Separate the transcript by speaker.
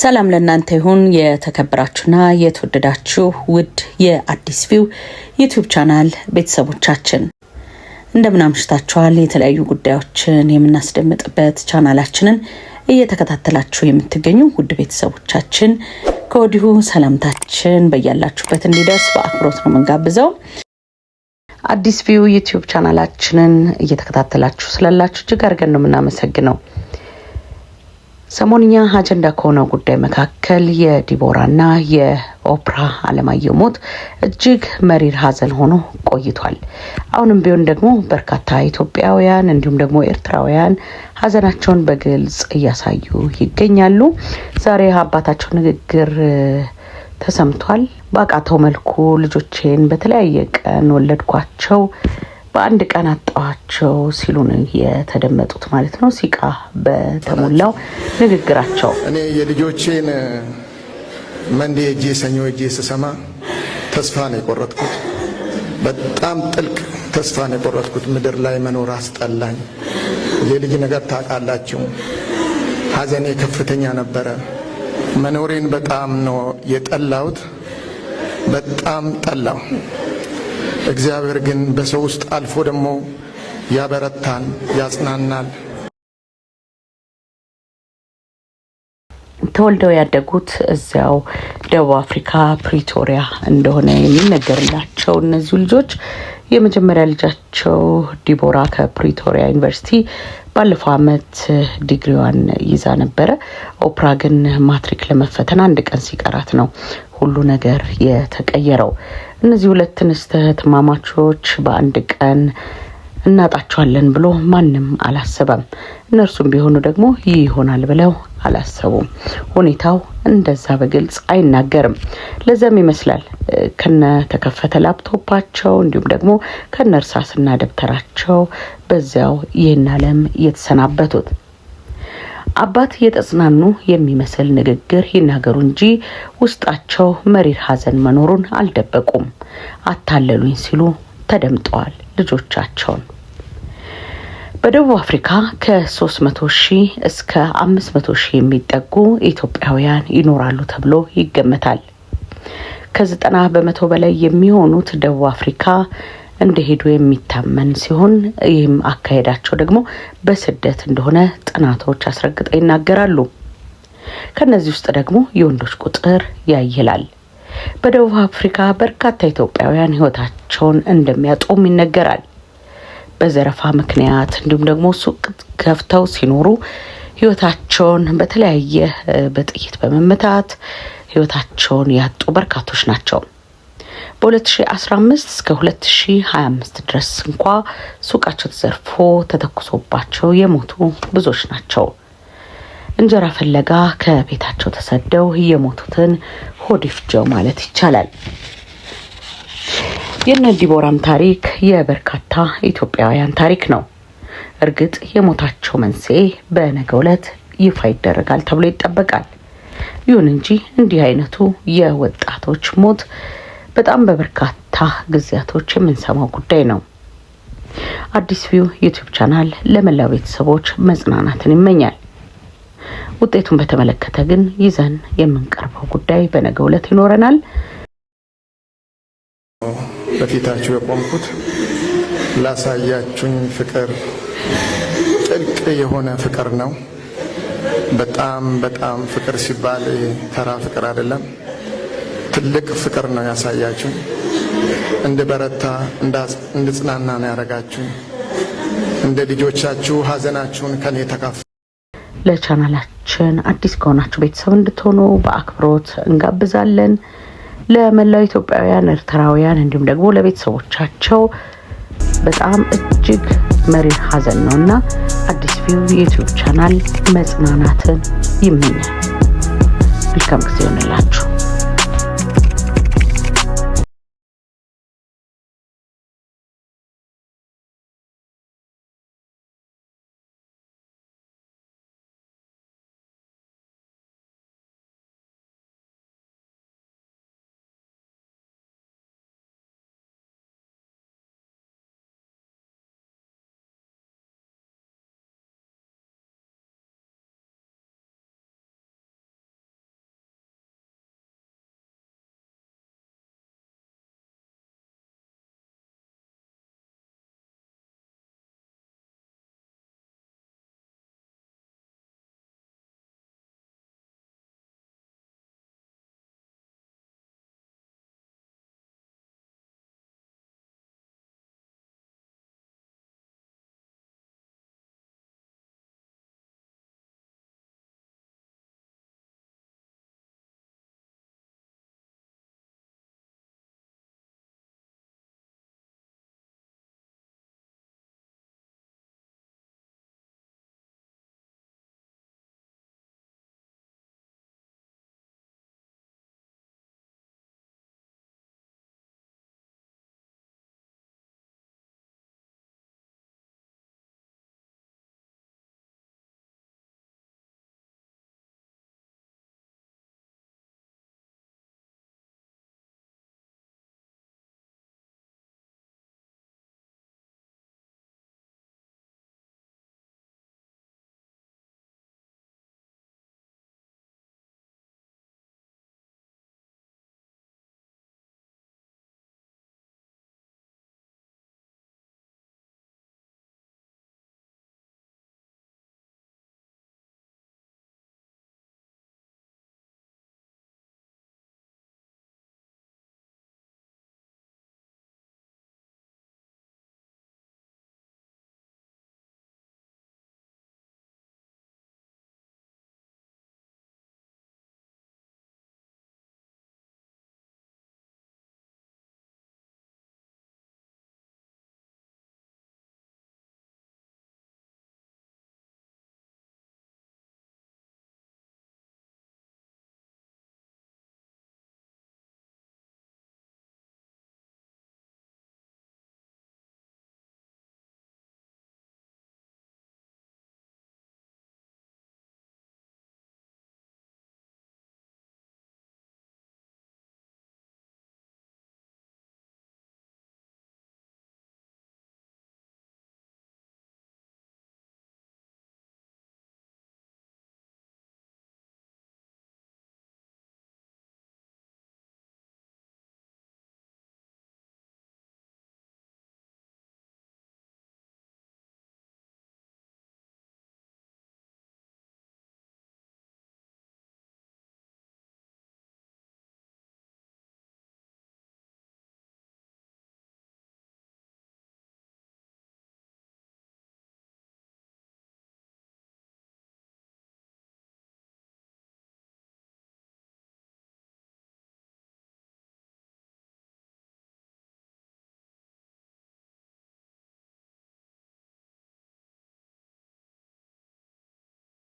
Speaker 1: ሰላም ለእናንተ ይሁን። የተከበራችሁና የተወደዳችሁ ውድ የአዲስ ቪው ዩቲዩብ ቻናል ቤተሰቦቻችን እንደምን አምሽታችኋል። የተለያዩ ጉዳዮችን የምናስደምጥበት ቻናላችንን እየተከታተላችሁ የምትገኙ ውድ ቤተሰቦቻችን ከወዲሁ ሰላምታችን በያላችሁበት እንዲደርስ በአክብሮት ነው የምንጋብዘው። አዲስ ቪው ዩቲዩብ ቻናላችንን እየተከታተላችሁ ስላላችሁ እጅግ አድርገን ነው የምናመሰግነው። ሰሞንኛ አጀንዳ ከሆነው ጉዳይ መካከል የዲቦራና የኦፕራ አለማየሁ ሞት እጅግ መሪር ሀዘን ሆኖ ቆይቷል። አሁንም ቢሆን ደግሞ በርካታ ኢትዮጵያውያን እንዲሁም ደግሞ ኤርትራውያን ሀዘናቸውን በግልጽ እያሳዩ ይገኛሉ። ዛሬ አባታቸው ንግግር ተሰምቷል። በአቃተው መልኩ ልጆቼን በተለያየ ቀን ወለድኳቸው በአንድ ቀን አጣዋቸው ሲሉ ነው የተደመጡት ማለት ነው። ሲቃ በተሞላው ንግግራቸው
Speaker 2: እኔ የልጆቼን መንዴ እጄ ሰኞ እጄ ስሰማ ተስፋ ነው የቆረጥኩት። በጣም ጥልቅ ተስፋ ነው የቆረጥኩት። ምድር ላይ መኖር አስጠላኝ። የልጅ ነገር ታውቃላችሁ። ሀዘኔ ከፍተኛ ነበረ። መኖሬን በጣም ነው የጠላሁት። በጣም ጠላሁ። እግዚአብሔር ግን በሰው ውስጥ አልፎ ደግሞ ያበረታን፣ ያጽናናል።
Speaker 1: ተወልደው ያደጉት እዚያው ደቡብ አፍሪካ ፕሪቶሪያ እንደሆነ የሚነገርላቸው እነዚሁ ልጆች የመጀመሪያ ልጃቸው ዲቦራ ከፕሪቶሪያ ዩኒቨርሲቲ ባለፈው ዓመት ዲግሪዋን ይዛ ነበረ። ኦፕራ ግን ማትሪክ ለመፈተን አንድ ቀን ሲቀራት ነው ሁሉ ነገር የተቀየረው። እነዚህ ሁለት እንስት እህትማማቾች በአንድ ቀን እናጣቸዋለን ብሎ ማንም አላሰበም። እነርሱም ቢሆኑ ደግሞ ይህ ይሆናል ብለው አላሰቡም። ሁኔታው እንደዛ በግልጽ አይናገርም። ለዛም ይመስላል ከነ ተከፈተ ላፕቶፓቸው እንዲሁም ደግሞ ከነ እርሳስና ደብተራቸው በዚያው ይህን ዓለም የተሰናበቱት። አባት የተጽናኑ የሚመስል ንግግር ይናገሩ እንጂ ውስጣቸው መሪር ሐዘን መኖሩን አልደበቁም። አታለሉኝ ሲሉ ተደምጠዋል ልጆቻቸውን። በደቡብ አፍሪካ ከ300 ሺህ እስከ 500 ሺህ የሚጠጉ ኢትዮጵያውያን ይኖራሉ ተብሎ ይገመታል። ከዘጠና በመቶ በላይ የሚሆኑት ደቡብ አፍሪካ እንደሄዱ የሚታመን ሲሆን ይህም አካሄዳቸው ደግሞ በስደት እንደሆነ ጥናቶች አስረግጠው ይናገራሉ። ከነዚህ ውስጥ ደግሞ የወንዶች ቁጥር ያይላል። በደቡብ አፍሪካ በርካታ ኢትዮጵያውያን ህይወታቸውን እንደሚያጡም ይነገራል። በዘረፋ ምክንያት እንዲሁም ደግሞ ሱቅ ከፍተው ሲኖሩ ህይወታቸውን በተለያየ በጥይት በመመታት ህይወታቸውን ያጡ በርካቶች ናቸው። በ2015 እስከ 2025 ድረስ እንኳ ሱቃቸው ተዘርፎ ተተኩሶባቸው የሞቱ ብዙዎች ናቸው። እንጀራ ፍለጋ ከቤታቸው ተሰደው የሞቱትን ሆድ ይፍጀው ማለት ይቻላል። የነ ዲቦራም ታሪክ የበርካታ ኢትዮጵያውያን ታሪክ ነው። እርግጥ የሞታቸው መንስኤ በነገ ዕለት ይፋ ይደረጋል ተብሎ ይጠበቃል። ይሁን እንጂ እንዲህ አይነቱ የወጣቶች ሞት በጣም በበርካታ ጊዜያቶች የምንሰማው ጉዳይ ነው። አዲስ ቪው ዩቲዩብ ቻናል ለመላው ቤተሰቦች መጽናናትን ይመኛል። ውጤቱን በተመለከተ ግን ይዘን የምንቀርበው ጉዳይ በነገው ዕለት ይኖረናል።
Speaker 2: በፊታችሁ የቆምኩት ላሳያችሁኝ ፍቅር ጥልቅ የሆነ ፍቅር ነው። በጣም በጣም ፍቅር ሲባል ተራ ፍቅር አይደለም። ትልቅ ፍቅር ነው ያሳያችሁኝ። እንድበረታ እንድጽናና ነው ያደረጋችሁኝ። እንደ ልጆቻችሁ ሀዘናችሁን ከኔ ተካፍ
Speaker 1: ለቻናላችን አዲስ ከሆናችሁ ቤተሰብ እንድትሆኑ በአክብሮት እንጋብዛለን። ለመላው ኢትዮጵያውያን፣ ኤርትራውያን እንዲሁም ደግሞ ለቤተሰቦቻቸው በጣም እጅግ መሪ ሀዘን ነው እና አዲስ ቪው የዩቲዩብ ቻናል መጽናናትን ይመኛል። መልካም ጊዜ ይሆንላችሁ።